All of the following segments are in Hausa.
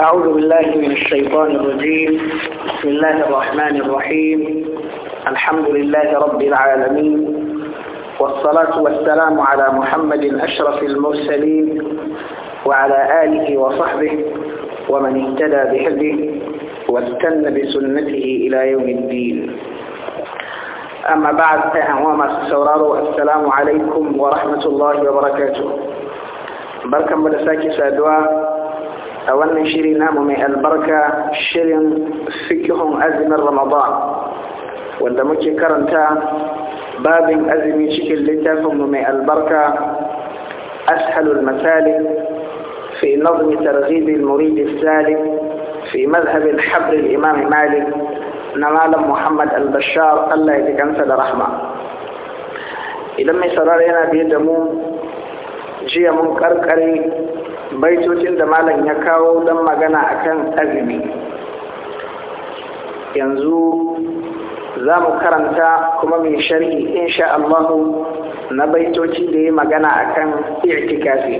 أعوذ بالله من الشيطان الرجيم بسم الله الرحمن الرحيم الحمد لله رب العالمين والصلاة والسلام على محمد أشرف المرسلين وعلى آله وصحبه ومن اهتدى بهديه واستنى بسنته إلى يوم الدين أما بعد أهوام السورار السلام عليكم ورحمة الله وبركاته بركة مدساكي سادوا a wannan shiri namu mai albarka shirin fikihun azumin ramadan wanda muke karanta babin azumi cikin littafinmu mai albarka ashalul masali fi nazmi targhibi al-murid al-salim fi madhhab al-habr al-imam malik na malam muhammad al-bashar Allah ya kansa da rahma idan mai sauraro yana biye da mu jiya mun karkare baitocin da malam ya kawo don magana akan azumi yanzu za mu karanta kuma mai sharhi insha Allahu na baitoci da ya magana akan i'tikafi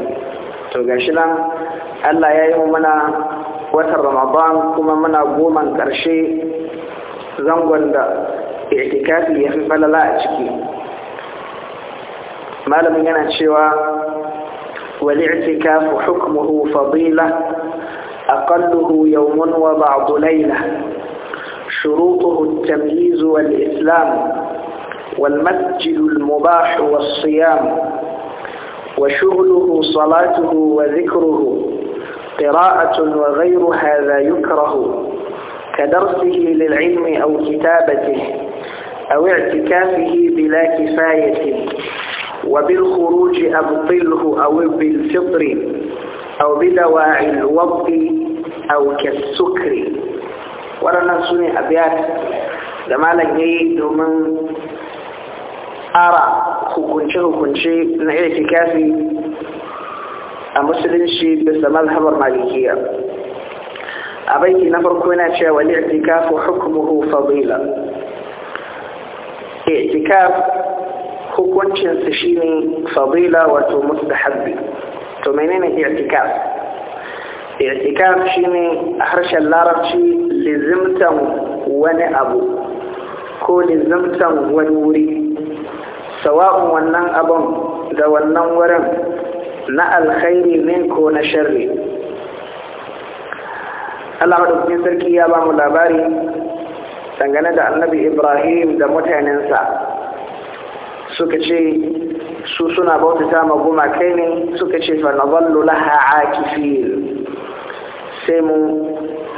to gashi nan Allah ya yi mana watan Ramadan kuma muna goman karshe zangon da i'tikafi ya fi falala a ciki malamin yana cewa والاعتكاف حكمه فضيلة أقله يوم وبعض ليلة شروطه التمييز والإسلام والمسجد المباح والصيام وشغله صلاته وذكره قراءة وغير هذا يكره كدرسه للعلم أو كتابته أو اعتكافه بلا كفاية وبالخروج أبطله أو بالفطر أو بدواع الوضع أو كالسكر ولا نسوني أبيات لما لقيت من أرى كنشه كنشي نعيد كافي أمسلم شيء بس ما الحب المالكية أبيك نفر كوناتيا والاعتكاف حكمه فضيلة اعتكاف shi ne fadila wato mustahabbi to menene i'tikaf i'tikaf shine harshen larabci lizimtan wani abu ko lizimtan wani wuri sawa'un wannan abun da wannan wurin na alkhairi ne ko na sharri Allah madaukakin sarki ya ba mu labari dangane da annabi Ibrahim da mutanensa suka ce su suna bautata ma gumakai ne suka ce fa nazallu laha akifin sai mu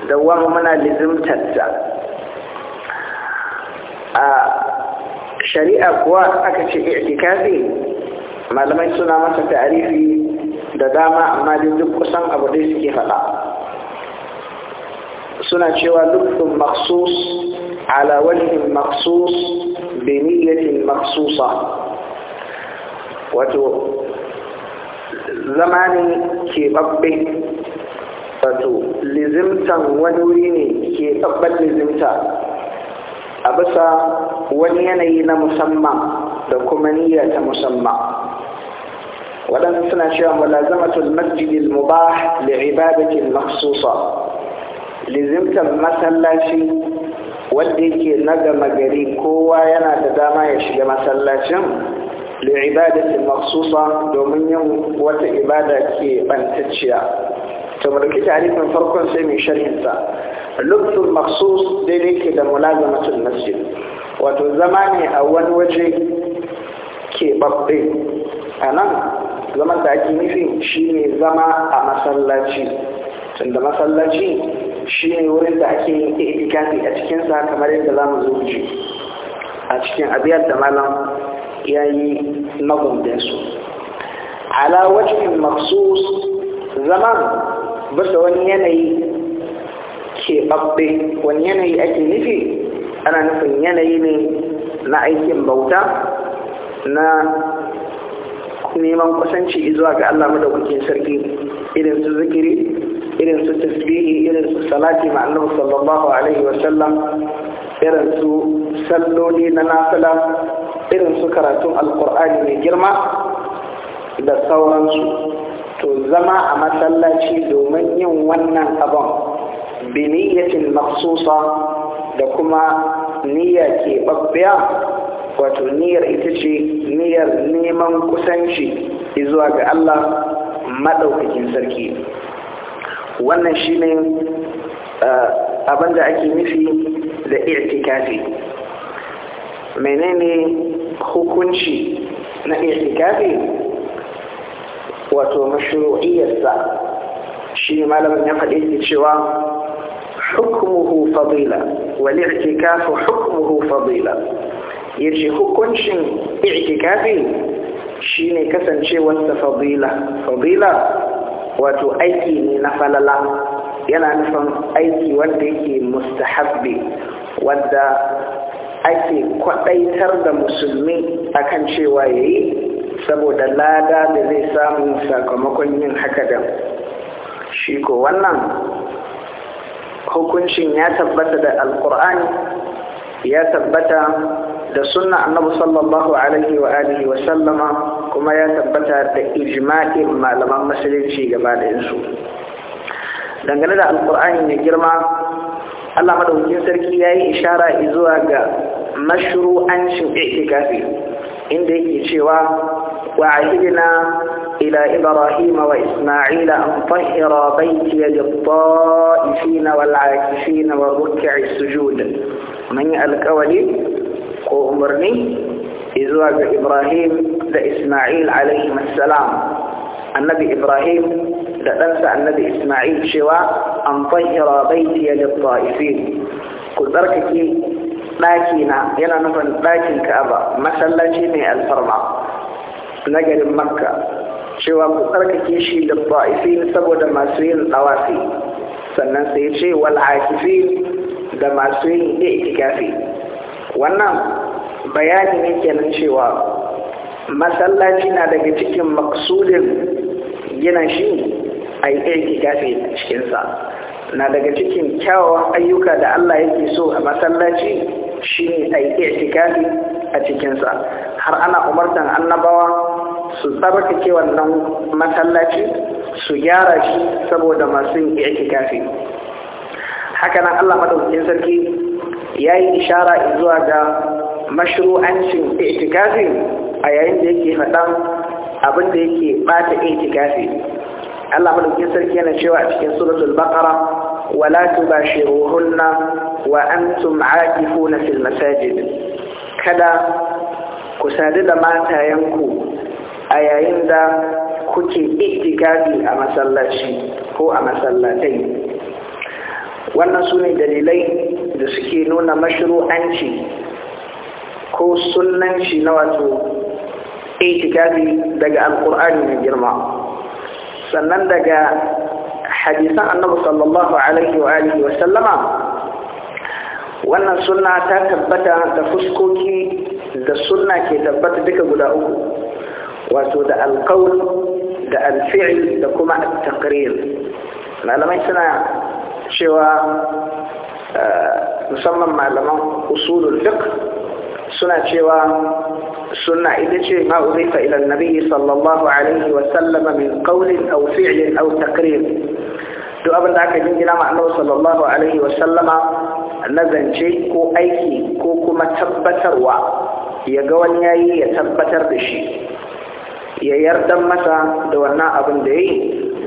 da wani muna lizimtarta a shari'a kuwa aka ce i'tikafi malamai suna masa tarihi da dama amma duk kusan abu dai suke faɗa suna cewa lubun maksus ala wajhin maksus بنية مخصوصة وتو زماني كي ببي وتو لزمتا ونويني كي أبد لزمتا أبسا ونيني لمسمى دوكومنية مسمى ولا نسنا شيئا ملازمة المسجد المباح لعبادة مخصوصة لزمتا مثلا wanda yake na gama gari kowa yana da dama ya shiga masallacin li'ibadatin maksusa domin yin wata ibada ke bantacciya to mulki tarifin farkon sai mai sharhinsa lubtun maksus daidai ke da mulazamatul masjid wato zama ne a wani waje ke babbe a nan zaman da ake nufi shine zama a masallaci tunda masallaci shi ne wurin da ake yin itikafi a cikinsa kamar yadda za mu zo ji a cikin abiyar da malam ya yi magundinsu ala wajen maksus zaman bisa wani yanayi keɓaɓɓe wani yanayi ake nufi ana nufin yanayi ne na aikin bauta na neman kusanci zuwa ga Allah madaukakin sarki irin su zikiri irin su tasbihi irin su salati ma annabi sallallahu alaihi wa sallam irin su salloli na nafila irin su karatun Alkur'ani mai girma da sauransu to zama a masallaci domin yin wannan abin biniyatin maksusa da kuma niyya ke babbiya wato niyyar ita ce niyyar neman kusanci zuwa ga Allah maɗaukakin sarki wannan shine abin da ake nufi da irtikafi menene hukunci na irtikafi wato mashuru'iyarsa shi malamin ya faɗi cewa hukumuhu, fadila wal i'tikafu hukumuhu, fadila Ya ce hukuncin i'tikafi Shi ne kasancewarsa fadila fadila wato aiki ne na falala yana nufin aiki wanda yake mustahabbi wadda ake kwadaitar da musulmi akan cewa ya yi saboda lada da zai samu sakamakon yin haka da shi ko wannan hukuncin ya tabbata da alkur'ani ya tabbata da sunna annabi sallallahu alaihi wa alihi wa sallama kuma ya tabbata da ijma'in malaman musulunci gaba da yansu dangane da alkur'ani mai girma Allah madaukin sarki ya yi ishara zuwa ga mashru'ancin itikafi inda yake cewa wa ahidina ila ibrahim wa isma'ila an tahira baytiya lit na wal na wa ruk'i sujud yi alkawali ko umarni zuwa ga Ibrahim da Ismail alaihi salam annabi Ibrahim da ɗansa annabi Ismail cewa an fahira baitiya lit-ta'ifin ku tsarkake ɗakina yana nufin ɗakin Ka'aba masallaci mai alfarma na garin Makka cewa ku tsarkake shi lit-ta'ifin saboda masu yin sannan sai ce wal da masu yin itikafi wannan bayani ne kenan cewa masallaci na daga cikin maksudin gina shi a yi aiki a cikinsa na daga cikin kyawawan ayyuka da Allah yake so a masallaci shi ne a yi gafe a cikinsa har ana umartan annabawa su tsarkake wannan masallaci su gyara shi saboda masu yi aiki yin haka nan Allah madaukakin sarki ya yi ishara zuwa ga mashru'ancin itikafin a yayin da yake faɗan abin da yake bata itikafi Allah madaukakin sarki yana cewa a cikin suratul baqara wala tubashiruhunna wa antum aakifuna fil masajid kada ku sadu da matayenku a yayin da kuke itikafi a masallaci ko a masallatai wannan su ne dalilai da suke nuna mashru'anci ko sunanci na wato itikadi daga alkur'ani mai girma sannan daga hadisan annabi sallallahu alaihi wa alihi wa sallama wannan sunna ta tabbata da fuskoki da sunna ke tabbata duka guda uku wato da alkawul da alfi'il da kuma takrir. malamai suna cewa eh, musamman malaman usulul fiqh suna cewa sunna ita ce ma uzifa ila nabi sallallahu alaihi wa sallama min qawlin aw fi'lin aw taqrir To abin da aka jingina ma annabi sallallahu alaihi wa sallama na zance ko aiki ko kuma tabbatarwa ya ga wani yayi ya tabbatar da shi ya yarda masa da wannan abin da yayi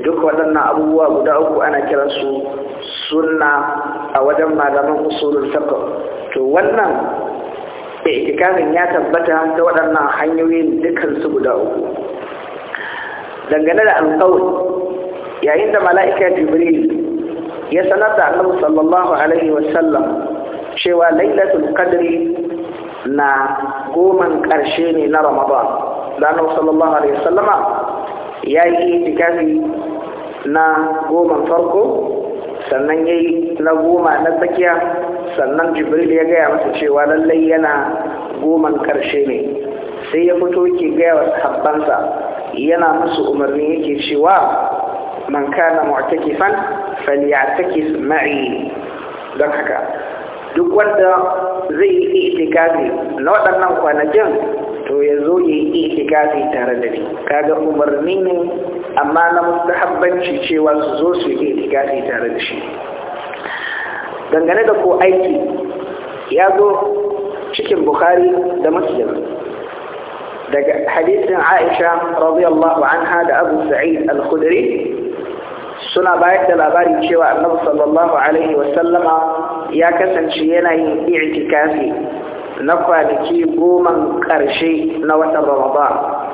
duk waɗannan abubuwa guda uku ana kiransu sunna a wajen malaman usulul fiqh to wannan da itikafin ya tabbata ta waɗannan hanyoyin dukansu guda uku dangane da alƙawar yayin da mala'ika jibril ya sanar da annabi sallallahu alaihi wasallam cewa lailatul qadri na goman ƙarshe ne na ramadan da annabi sallallahu alaihi wasallama ya yi itikafi na goman farko sannan ya yi na goma na tsakiya sannan jibril ya gaya masa cewa lallai yana goman karshe ne sai ya fito ke gaya wa sahabbansa yana musu umarni yake cewa man kana mu'takifan falyatakif ma'i don haka duk wanda zai yi itikafi na waɗannan kwanakin to ya zo ya yi itikafi tare da ni kaga umarni ne amma na mustahabbanci cewa su zo su yi itikafi tare da shi dangane da ko aiki ya zo cikin bukhari da muslim daga hadisin aisha radiyallahu anha da abu sa'id al-khudri suna bayar da labari cewa annabi sallallahu alaihi wasallama ya kasance yana yin i'tikafi na kwanaki goma karshe na watan ramadan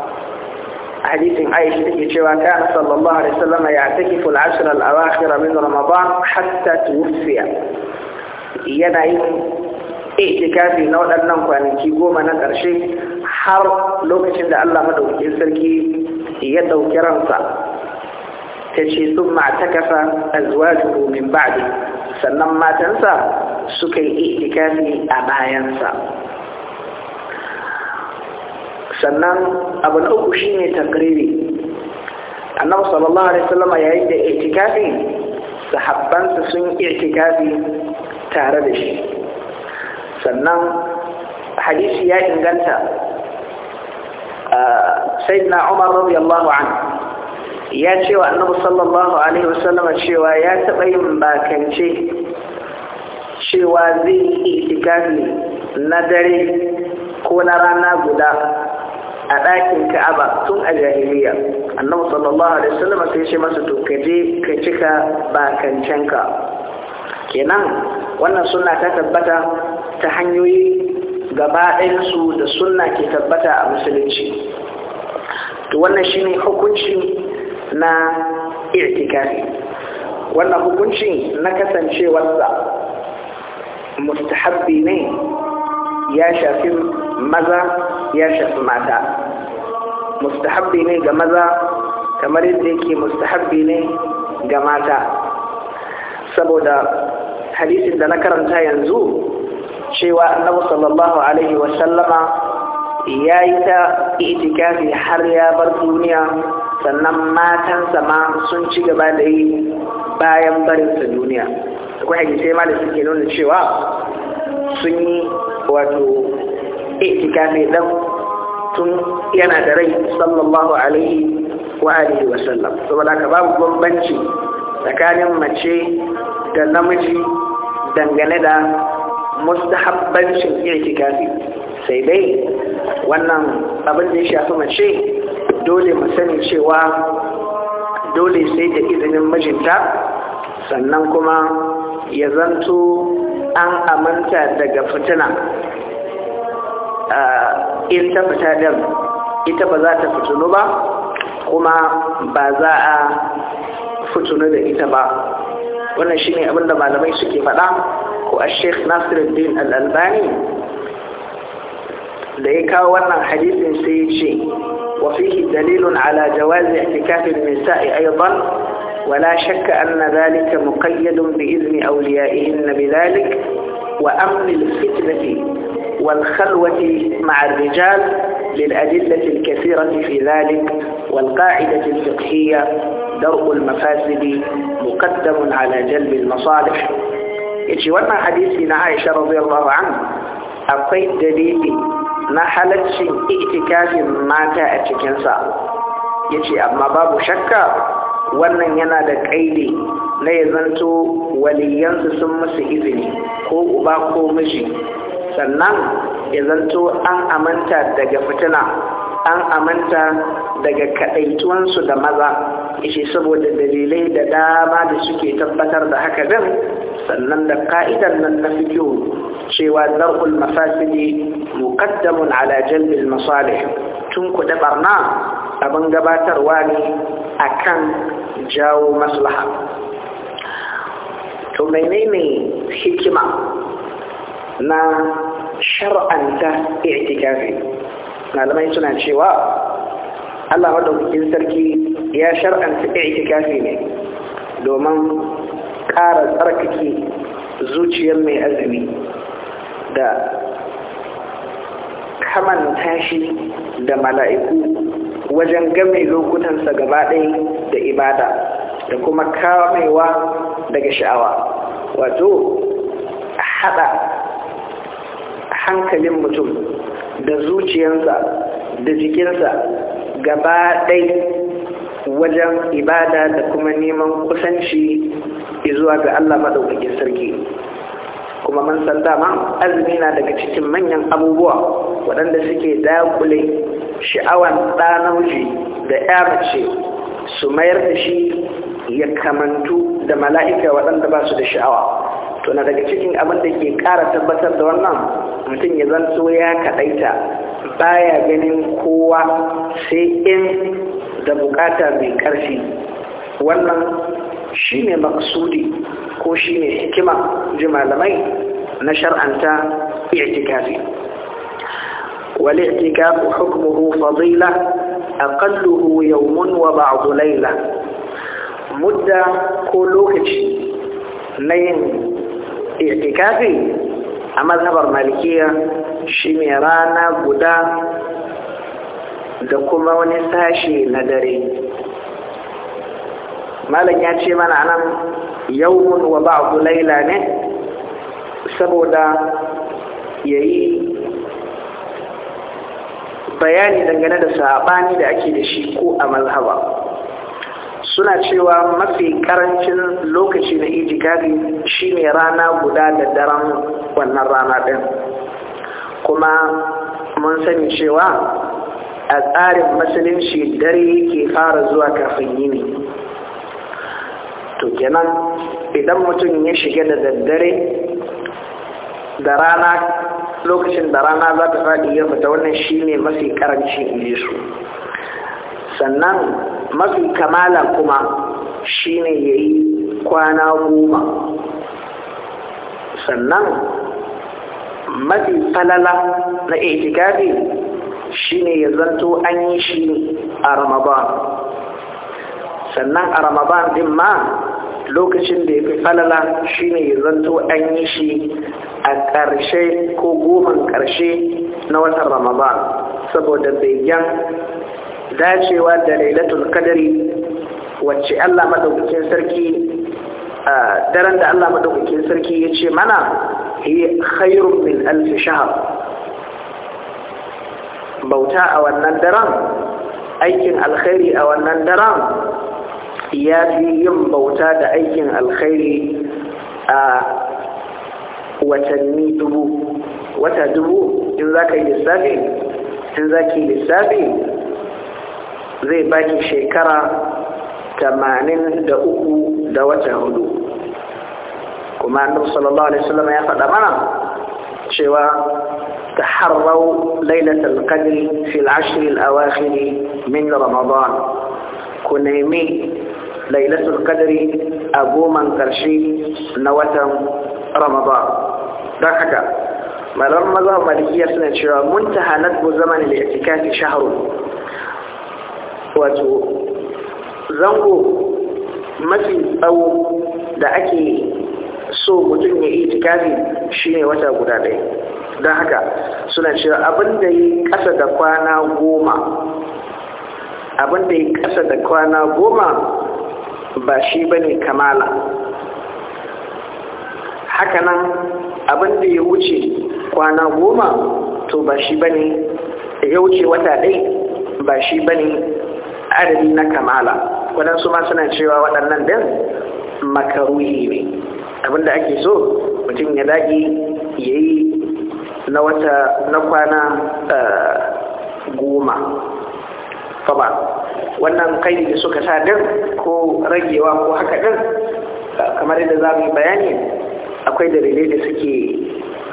hadisin Aisha take cewa kana sallallahu alaihi wasallam ya takifu al-ashr al-awakhir min Ramadan hatta tuwfiya yana yin itikafi na waɗannan kwanaki goma na ƙarshe har lokacin da Allah madaukakin sarki ya ɗauki ransa ta ce sun ma'atakafa azwajuhu min ba'di sannan matansa suka yi itikafi a bayansa sannan abu na uku shine takriri annabu sallallahu alaihi wasallam yayin da itikafi sahabbansa sun itikafi tare da shi sannan hadisi ya inganta na Umar allahu anhu ya ce wa annabi sallallahu alaihi wasallam cewa ya taɓa yin bakance cewa zai itikafi na dare ko na rana guda a ɗakin ka'aba tun a jahiliya annabi sallallahu alaihi wasallam sai shi masa to je ka cika ka kenan wannan sunna ta tabbata ta hanyoyi gaba ɗayansu da sunna ke tabbata a musulunci to wannan shine hukunci na i'tikafi wannan hukunci na kasancewarsa mustahabbi ne ya shafi maza ya shafi mata mustahabbi ne ga maza kamar yadda yake mustahabbi ne ga mata saboda hadisin da na karanta yanzu cewa annabi sallallahu alaihi wasallama ya yi ta itikafi har ya bar duniya sannan matansa ma sun ci gaba da yi bayan barinsa duniya akwai hadisai ma da suke nuna cewa sun yi wato itikafi dan tun yana da rai sallallahu alaihi wa alihi wa sallam saboda ka babu bambanci tsakanin mace da namiji dangane da mustahabbancin itikafi sai dai wannan abin da ya shafi mace dole mu sani cewa dole sai da izinin mijinta sannan kuma ya zanto an amanta daga fitina ah, ita fita din ita ba za ta fitunu ba kuma ba za a fitunu da ita ba wannan shine abin da malamai suke faɗa ko a sheikh nasiruddin al'albani da ya kawo wannan hadisin sai ya ce وفيه دليل على جواز اعتكاف النساء أيضا ولا شك أن ذلك مقيد بإذن أوليائهن بذلك وأمن الفتنة والخلوة مع الرجال للأدلة الكثيرة في ذلك والقاعدة الفقهية درء المفاسد مقدم على جلب المصالح إتشوانا حديثنا عائشة رضي الله عنه أقيد دليلي نحلت شن اعتكاف ما تأتي كنسا يتي أما باب شكا وانا ينادى قيدي لا يزنتو وليانس سمس إذني هو أباكو مجي sannan ya zanto an amanta daga fitina an amanta daga kaɗaituwansu da maza ishe saboda dalilai da dama da suke tabbatar da haka din sannan da ka'idar nan na fikihu cewa zar'ul mafasili muqaddamun ala jalbil masalih tun ku da barna abin gabatarwa ne akan jawo maslaha to menene hikima na shar'anta i'tikafi malamai suna cewa Allah madaukakin sarki ya shar'anta i'tikafi ne domin ƙara tsarkake zuciyar mai azumi da kamanta shi da mala'iku wajen game lokutansa gaba ɗaya da ibada da kuma kamewa daga sha'awa wato haɗa hankalin mutum da zuciyarsa da jikinsa gaba ɗai wajen ibada da kuma neman kusanci izuwa ga Allah maɗaukakin sarki kuma man san dama azumi na daga cikin manyan abubuwa waɗanda suke dakule sha'awan ɗanauji da ƴamace su mayar da shi ya kamantu da mala'ika waɗanda ba su da sha'awa to daga cikin abin da ke ƙara tabbatar da wannan mutum ya zanto ya kaɗaita baya ganin kowa sai in da buƙata mai ƙarfi wannan shi ne maksudi ko shi ne hikima ji malamai na shar'anta i'tikafi wal i'tikafu a fadila aqalluhu yawmun wa a layla mudda ko lokaci na yin itikafi a mazhabar malikiya shi ne rana guda da kuma wani sashi na dare malam ya ce mana anan yawun wa ba'du laila ne saboda ya yi. bayani dangane da sabani da ake da shi ko a mazhaba suna cewa mafi karancin lokaci na ijigari ne rana guda da daren wannan rana din kuma mun sani cewa a tsarin musulunci dare ke fara zuwa kafin yini to kenan idan mutum ya shiga da daddare da rana lokacin da rana za ta faɗi ya ta wannan shi ne mafi karanci ne su sannan mafi kamala kuma shine ya yi kwana goma sannan mafi falala na itikafi shine ya zanto an yi shi a ramadan sannan a ramadan din ma lokacin da ya fi falala shine ya zanto an yi shi a ƙarshe ko goma ƙarshe na watan ramadan saboda bayan dacewa da lailatul kadari wacce Allah madaukakin sarki daren da Allah madaukakin sarki ya ce mana yi khairun min alfi shahar bauta a wannan daren aikin alkhairi a wannan daren ya fi yin bauta da aikin alkhairi a watanni dubu wata dubu in za ka yi lissafi in za ki lissafi zai bani shekara tamanin da uku da watan hudu kuma annabi sallallahu alaihi wasallam ya faɗa mana cewa taharrau lailatul qadr fi al-ashr al-awakhir min ramadan ku nemi lailatul qadr a goman karshe na watan ramadan don haka malar maza malikiya suna cewa mun tahanat bu zaman al-i'tikafi shahru wato zango mafi tsawo da ake so mutum ya yi tikafi shine wata guda ɗaya don haka suna cewa abin da yi ƙasa da kwana goma abin da yi ƙasa da kwana goma ba shi ba ne kamala hakanan abin da ya wuce kwana goma to ba shi ba ne ya wuce wata ɗaya, ba shi ba ne adadi na kamala waɗansu ma suna cewa waɗannan din makaruhi ne abinda ake so mutum ya dage ya yi na wata na kwana eh, goma ba. wannan kai da suka sa din ko ragewa ko haka din eh, kamar yadda za mu yi bayani akwai dalilai da suke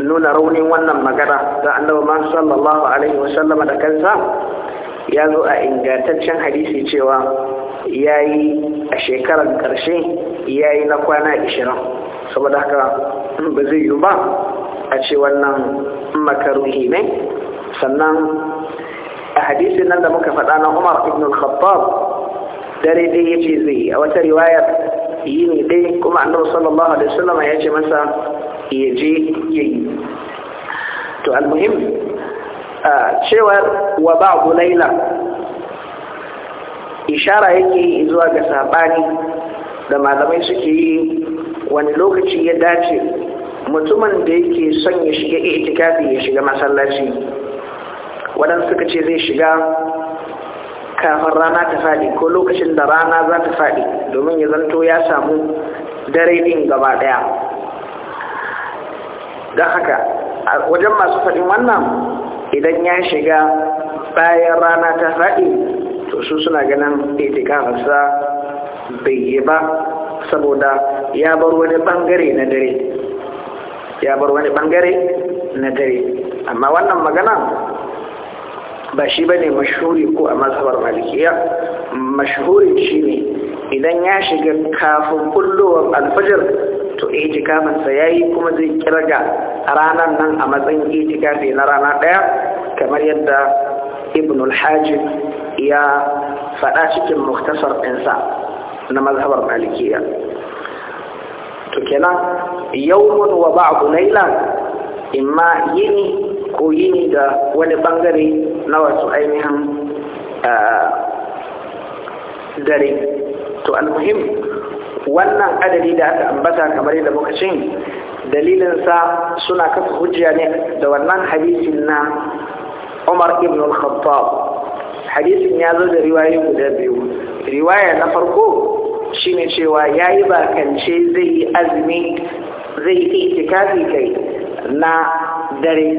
nuna raunin wannan magana da annabi sallallahu alaihi wasallama da kansa ya zo a ingantaccen hadisi cewa ya yi a shekarar ƙarshe ya yi na kwana 20 saboda haka ba zai yi ba a ce wannan makaruhi ne sannan a hadisi nan da muka faɗa na umar ibn al-khattab dare dai ya ce zai a wata riwayar yi ne dai kuma annabi sallallahu alaihi wasallam ya ce masa ya je ya to almuhim cewar wa ba'du laila ishara yake zuwa ga sabani da malamai suke yi wani lokaci ya dace mutumin da yake son ya shiga itikafi ya shiga masallaci waɗansu suka ce zai shiga kafin rana ta faɗi ko lokacin da rana za ta faɗi domin ya zanto ya samu dare ɗin gaba ɗaya don haka wajen masu faɗin wannan idan ya shiga bayan rana ta faɗi to su suna ganin itikafarsa bai yi ba saboda ya bar wani bangare na dare ya bar wani bangare na dare amma wannan magana ba shi ba ne mashuri ko a mazhabar malikiya mashuri shi ne idan ya shiga kafin kullowar alfajir to itikafinsa ya yi kuma zai kirga ranar nan a matsayin itikafi na rana ɗaya kamar yadda ibn al ya faɗa cikin muktasar ɗinsa na mazhabar malikiya to kenan yawon wa ba'abu naila imma yini ko yini da wani bangare na wasu ainihin ah, dare to almuhim wannan adadi da aka ambata kamar yadda muka cin dalilinsa suna kafa hujja ne da wannan hadisin na Umar ibn al-Khattab hadisin ya zo da riwaya guda biyu riwaya na farko shine cewa yayi bakance zai yi azumi zai yi itikafi kai na dare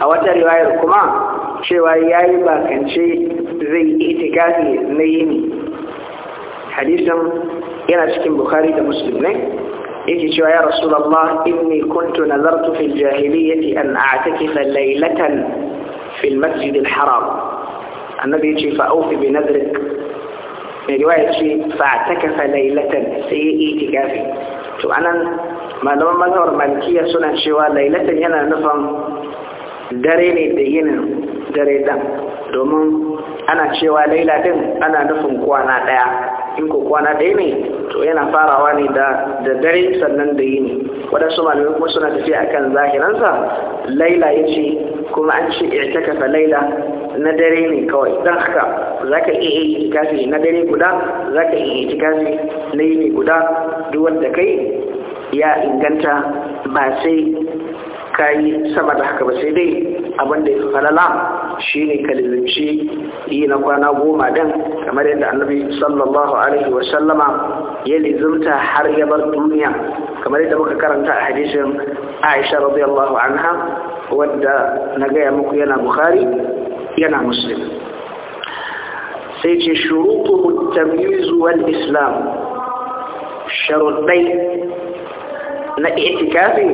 a wata riwayar kuma cewa yayi bakance zai yi itikafi na yini hadisin yana cikin bukhari da muslim ne yake cewa ya rasulullah inni kuntu nazartu fil jahiliyyati an a'takifa laylatan fil masjid al haram annabi yace fa awfi bi nadrik mai riwaya ce fa a'takafa laylatan sai itikafi to anan malaman mazhabar malikiya suna cewa laylatan yana nufin dare ne da yinin dare dan domin ana cewa laila din ana nufin kwana daya in ko kwana ɗaya ne to yana farawa ne da dare sannan da yini waɗansu malamai kuma suna tafiya akan zahiransa laila ya ce kuma an ce i'takafa laila na dare ne kawai don haka za ka iya yi itikafi na dare guda za ka iya itikafi na yini guda duk wanda kai ya inganta ba sai ka yi sama da haka ba sai dai abin da ya fi falala Shi ne kalizanci yi na kwana goma dan kamar yadda annabi sallallahu alaihi wa sallama ya lizumta har ya bar duniya kamar yadda muka karanta a hadisin Aisha radiyallahu anha wadda na gaya muku yana Bukhari yana Muslim sai ce shurutu tamyiz wal islam sharuɗai na itikafi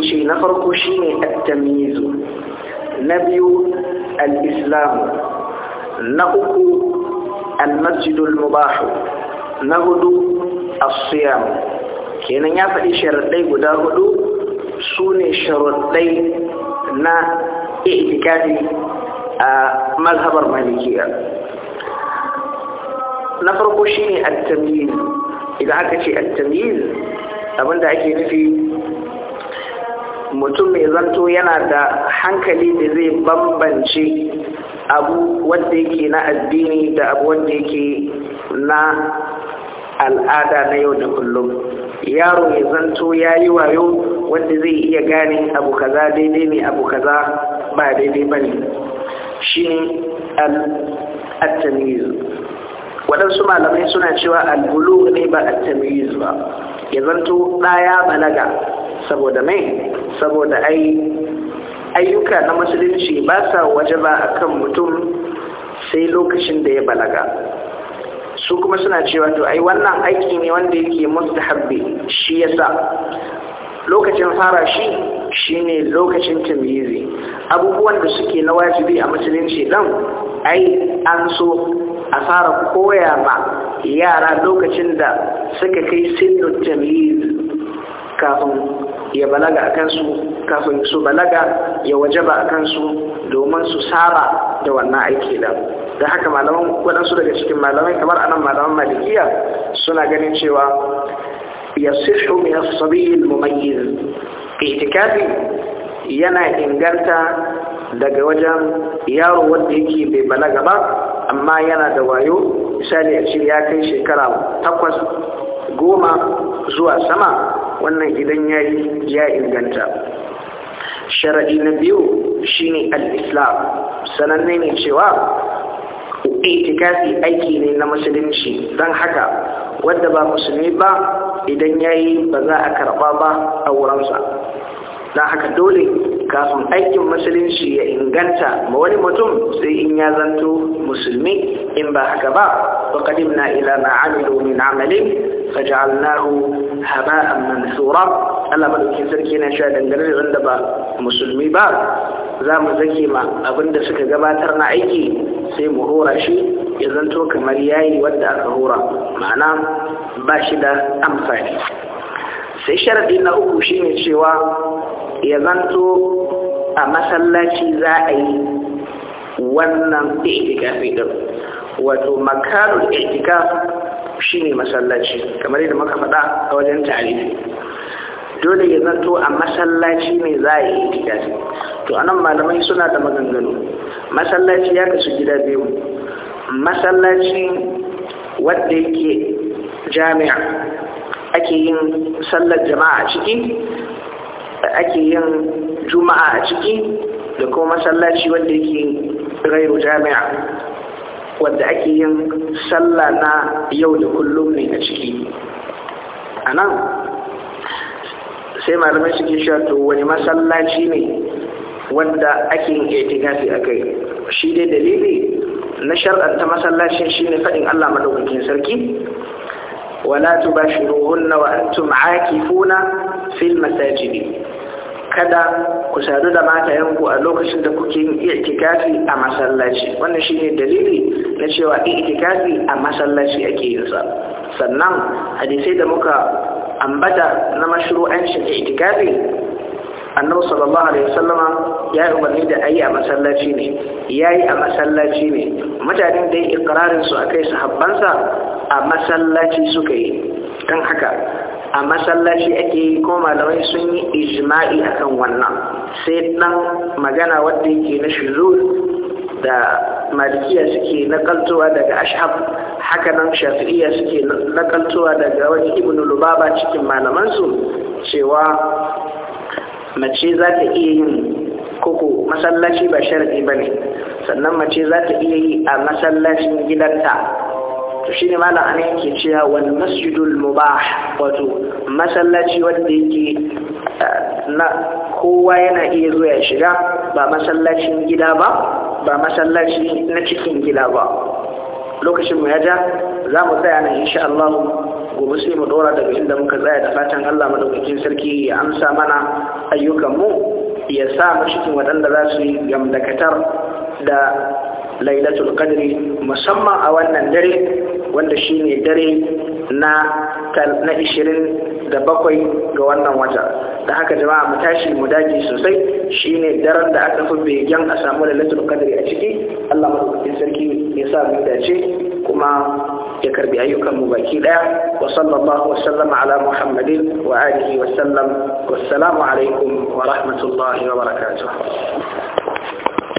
ce na farko shine at-tamyiz na biyu al'islam, na uku al-masjidul na hudu as kenan ya faɗi sharaɗai guda hudu su ne sharaɗai na itikafi a mazhabar malikiya na farko shi ne a tamil idan aka ce at tamil abinda ake nufi mutum mai zanto yana da hankali da zai bambance abu wanda yake na addini da abu wanda yake na al'ada na yau da kullum yaro ya zanto ya yi wayo wanda zai iya gane abu kaza daidai ne abu kaza ba daidai ba ne shi ne al'attamizu waɗansu malamai suna cewa albulu ne ba al'attamizu ba ya zanto ɗaya balaga saboda mai saboda ai ayyuka na musulunci ba sa wajaba a kan mutum sai lokacin da ya balaga su kuma suna cewa to ai wannan aiki ne wanda yake habbe shi ya sa lokacin fara shi shi ne lokacin tamyizi abubuwan da suke na wajibi a musulunci dan ai an so a fara koya ma yara lokacin da suka kai sinu tamyiz kafin ya balaga a kansu. kafin su balaga ya wajaba a kansu domin su saba da wannan aiki da da haka malaman waɗansu daga cikin malamai kamar anan malaman malikiya suna ganin cewa ya sishu mai sabiil mumayyiz itikafi yana inganta daga wajen yaro wanda yake bai balaga ba amma yana da wayo misali a ce ya kai shekara takwas goma zuwa sama wannan idan ya yi ya inganta sharaɗi na biyu shine al-islam sananne ne cewa itikafi aiki ne na musulunci don haka wadda ba musulmi ba idan yayi ba za a karɓa ba a wuransa don haka dole kafin aikin musulunci ya inganta ma wani mutum sai in ya zanto musulmi in ba haka ba faƙadimna ila ma'amilu min amalin faja'alnahu haba'an mansura Allah madaukin sarki yana sha dangane da wanda ba musulmi ba za mu zake ma da suka gabatar na aiki sai mu hora shi ya zanto kamar yayi wanda aka hora ma'ana ba shi da amfani sai sharadi na uku shine cewa ya zanto a masallaci za a yi wannan itikafi ɗin wato makarul shi shine masallaci kamar yadda muka faɗa a wajen tarihi dole ya zanto a masallaci ne za a yi itikafi to anan malamai suna da maganganu masallaci ya kasu gida biyu masallaci wadda yake jami'a ake yin sallar jama'a a ciki ake yin juma'a a ciki da kuma masallaci wanda yake rairu jami'a wadda ake yin sallah na yau da kullum ne a ciki a nan sai malamai suke cewa to wani masallaci ne wanda ake yin itikafi a kai shi dai dalili na shar'anta masallacin shine faɗin Allah madaukakin sarki wala tubashiruhunna wa antum aakifuna fil masajid kada ku sadu da yanku a lokacin da kuke yin itikafi a masallaci wannan shine dalili na cewa itikafi a masallaci ake yin sa sannan hadisai da muka ambata na mashru'ancin itikafi annabi sallallahu alaihi wasallama ya yi umarni da ayi a masallaci ne yayi a masallaci ne mutanen da ikrarin su akai sahabbansa a masallaci suka yi dan haka a masallaci ake yi ko malamai sun yi ijma'i akan wannan sai dan magana wanda yake na shuzur da malikiya suke kaltowa daga ashab hakanan shafi'iyya suke nakaltowa daga wani ibn lubaba cikin malamansu cewa mace za ta iya yin koko masallaci ba sharadi ba ne sannan mace za ta iya yi a masallacin gidanta to shine malam an yake cewa wal masjidul mubah wato masallaci wanda yake eh, na kowa yana iya zuwa shiga ba masallacin gida ba ba masallaci na cikin gida ba lokacin mu ya ja za mu tsaya nan insha Allah gobe sai mu dora daga inda muka tsaya da fatan Allah madaukakin sarki ya amsa mana ayyukan mu ya sa mu cikin waɗanda za su yi gamdakatar da lailatul qadri musamman a wannan dare wanda shine dare na na 27 ga wannan wata da haka jama'a mu tashi mu dage sosai shine daren da aka fi begen a samu lailatul qadri a ciki Allah madaukakin sarki ya sa mu dace kuma ya karbi ayyukan mu baki daya wa sallallahu wa sallama ala muhammadin wa alihi wa sallam wassalamu alaikum wa rahmatullahi wa barakatuh